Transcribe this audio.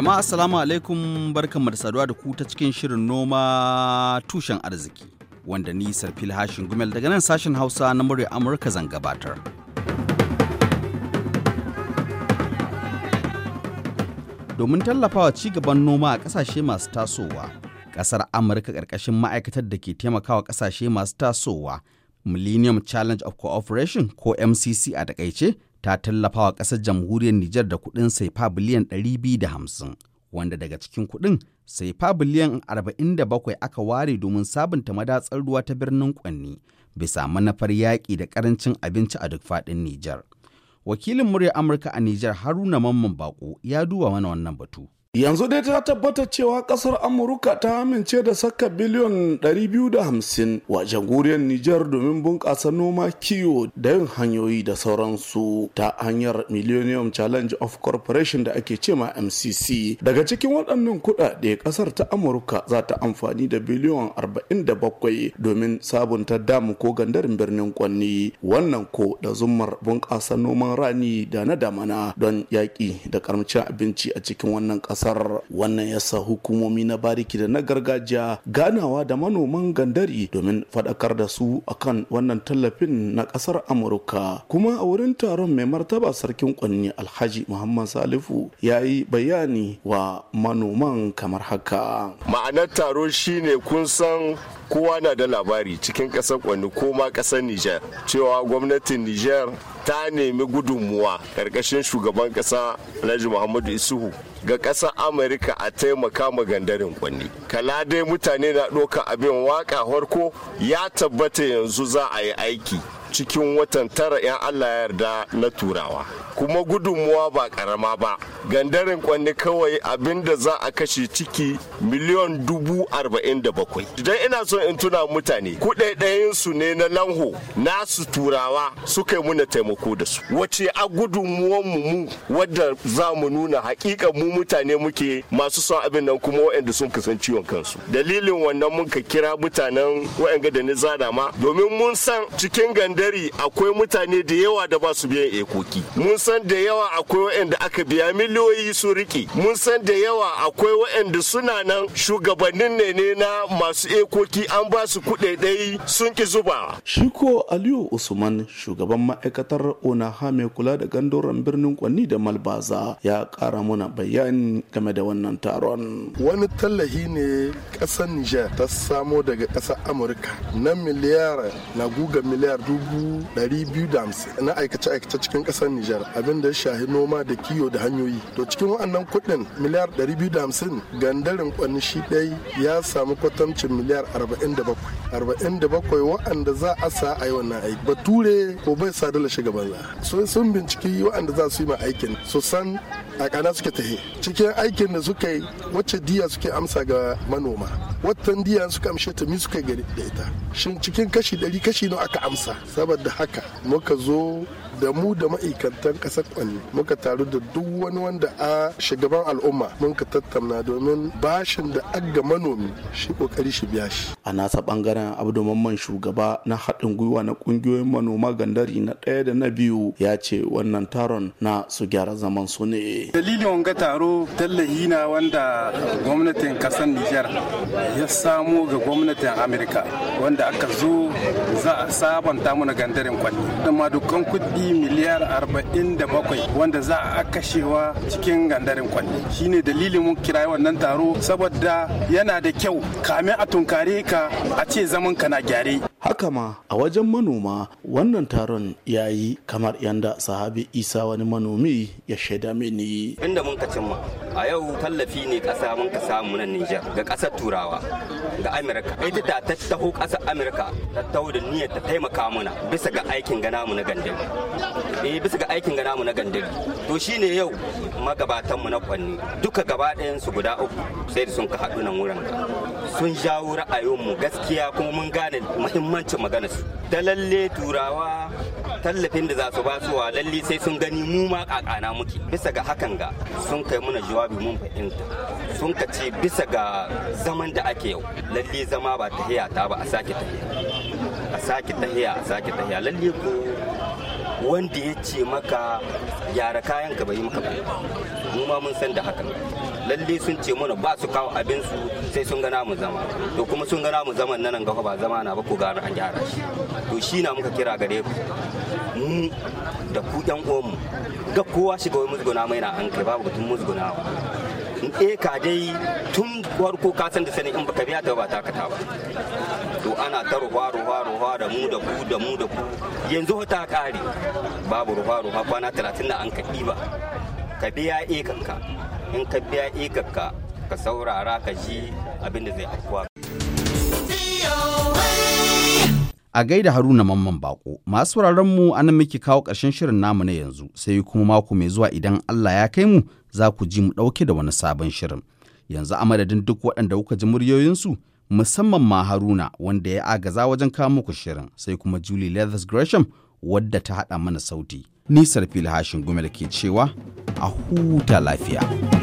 Jama'a assalamu alaikum barkan da saduwa da ku ta cikin shirin noma tushen arziki wanda ni Sarfil Hashin Gumel daga nan sashen Hausa na murya Amurka zan gabatar. Domin tallafawa ci gaban noma a kasashe masu tasowa, ƙasar Amurka ƙarƙashin ma'aikatar da ke taimakawa ƙasashe masu tasowa Millennium Challenge of Cooperation ko MCC a takaice ta tallafa wa ƙasar jamhuriyar Nijar da kuɗin saifa biliyan 250, wanda daga cikin kuɗin saifa biliyan 47 aka ware domin sabunta madatsar ruwa ta birnin Kwanni bisa manufar yaƙi da ƙarancin abinci a duk faɗin Nijar. Wakilin muryar Amurka a Nijar Haruna Mamman Bako ya duba mana wannan batu. Yanzu dai ta tabbata cewa kasar Amurka ta amince da saka biliyon 250 wa jamhuriyar Nijar domin bunƙasa noma kiwo da yin hanyoyi da sauransu ta hanyar Millennium Challenge of Corporation da ake cema MCC. Daga cikin waɗannan kuɗaɗe kasar ta Amurka za ta amfani da biliyon 47 domin sabunta damu ko gandarin birnin Kwanni wannan ko da zumar bunƙasa noman rani da na damana don yaƙi da karamcin abinci a cikin wannan ƙasa. kasar wannan yasa hukumomi na bariki da na gargajiya ganawa da manoman gandari domin faɗakar da su akan wannan tallafin na kasar amurka kuma a wurin taron mai martaba sarkin kwanni alhaji muhammad salifu ya yi bayani wa manoman kamar haka ma'anar taro shine kun san kowa na da labari cikin ƙasar kwanni ko ma kasar niger cewa gwamnatin niger ta nemi gudunmuwa ƙarƙashin shugaban ƙasa alhaji muhammadu isuhu ga ƙasar amurka a taimaka ma gandarin kwanni kala dai mutane na ɗoka abin waka harko ya tabbata yanzu za a yi aiki cikin watan tara 'yan Allah yarda na turawa kuma gudunmuwa ba karama ba gandarin kwanne kawai abinda za a kashe ciki miliyon dubu arba'in da bakwai idan ina so in tuna mutane kuɗaɗayin su ne na lanho nasu turawa suka yi muna taimako da su wace a gudunmuwan mu wadda za mu nuna hakika mu mutane muke masu son abin nan kuma waɗanda sun kasan ciwon kansu dalilin wannan mun ka kira mutanen waɗanda da ni zada ma domin mun san cikin gandar. dare akwai mutane da yawa da ba su biyan ekoki mun san da yawa akwai waɗanda aka biya miliyoyi su rike mun san da yawa akwai waɗanda suna nan shugabannin ne ne na masu ekoki an ba su kuɗaɗai sun ki zuba shiko aliyu usman shugaban ma'aikatar onaha mai kula da gandoran birnin kwanni da malbaza ya ƙara mana bayani game da wannan taron wani tallahi ne ƙasar niger ta samo daga ƙasar amurka na miliyar na guga miliyar dubu dubu na aikace-aikace cikin kasar Nijar abin da ya shahi noma da kiyo da hanyoyi. To cikin waɗannan kuɗin miliyar ɗari biyu da hamsin gandarin kwanni shi ɗai ya samu kwatamcin miliyar arba'in da bakwai. Arba'in da bakwai waɗanda za a sa a yi wannan aiki. Bature ko bai sadala da shiga banza Sun binciki waɗanda za su yi ma aikin su san kakana suke tahe cikin aikin da suka yi wacce diya suke amsa ga manoma watan diya suka amshe ta mi suka gari da ita shin cikin kashi ɗari kashi nawa aka amsa saboda haka muka zo da mu da ma'aikatan ƙasar kwanne muka taru da duk wani wanda a shugaban al'umma mun ka tattauna domin bashin da agga manomi shi kokari shi biya shi a nasa bangaren abdu mamman shugaba na haɗin gwiwa na ƙungiyoyin manoma gandari na ɗaya da na biyu ya ce wannan taron na su gyara zaman su ne dalilin wanga taro tallahi na wanda gwamnatin kasar Nijar ya samu ga gwamnatin Amerika wanda aka zo za a sabanta mana gandarin kwalli da madukan kuɗi miliyar 47 wanda za a kashewa cikin gandarin kwalli shine dalilin mun kira wannan taro saboda yana da kyau kamin a tunkare ka a ce zaman ka na gyare haka ma a wajen manoma wannan taron ya yi kamar yanda sahabi isa wani manomi ya shaida mini inda mun kacin ma a yau tallafi ne kasa mun ka samu na nijar ga kasar turawa ga amurka ita ta tattaho kasar amurka ta taho da niyyar ta taimaka mana bisa ga aikin gana mu na gandun eh bisa ga aikin gana mu na gandun to shine yau magabatan mu na kwanni duka gaba ɗayan su guda uku sai da sun ka haɗu nan wurin sun jawo ra'ayoyin mu gaskiya kuma mun gane muhimmanci muhimmancin magana su da lalle turawa tallafin da za su ba su wa lalle sai sun gani mu ma kakana muke bisa ga hakan ga sun kai mana jawabi mun fahimta sun ka ce bisa ga zaman da ake yau lalle zama ba tahiya ta ba a sake tahiya a sake tahiya a sake tahiya lalle ko wanda ya ce maka gyara kayan ka bai maka ba mu ma mun san da hakan lalle sun ce mana ba su kawo abin su sai sun gana mu zama to kuma sun gana mu zaman nan gaba ba zama na ba ku gano an gyara shi to shi na muka kira gare ku mu da ku yan mu ga kowa shiga wai musguna mai na an kai babu batun in e ka dai tun farko ka san da sanin in baka biya ta ba ta kata ba to ana ta ruwa ruwa ruwa da mu da ku da mu da ku yanzu ta kare babu ruwa ruwa kwana 30 na an kaɗi ba ka biya ikanka in ka biya ikanka ka saurara ka ji abin da zai afuwa a gaida haruna mamman bako masu mu a nan muke kawo ƙarshen shirin namu na yanzu sai kuma mako mai zuwa idan allah ya kai mu za ku ji mu ɗauke da wani sabon shirin yanzu a madadin duk waɗanda kuka ji muryoyinsu musamman ma haruna wanda ya agaza wajen kawo muku shirin sai kuma julie leathers gresham wadda ta haɗa mana sauti nisar filhashin gumel ke cewa a huta lafiya.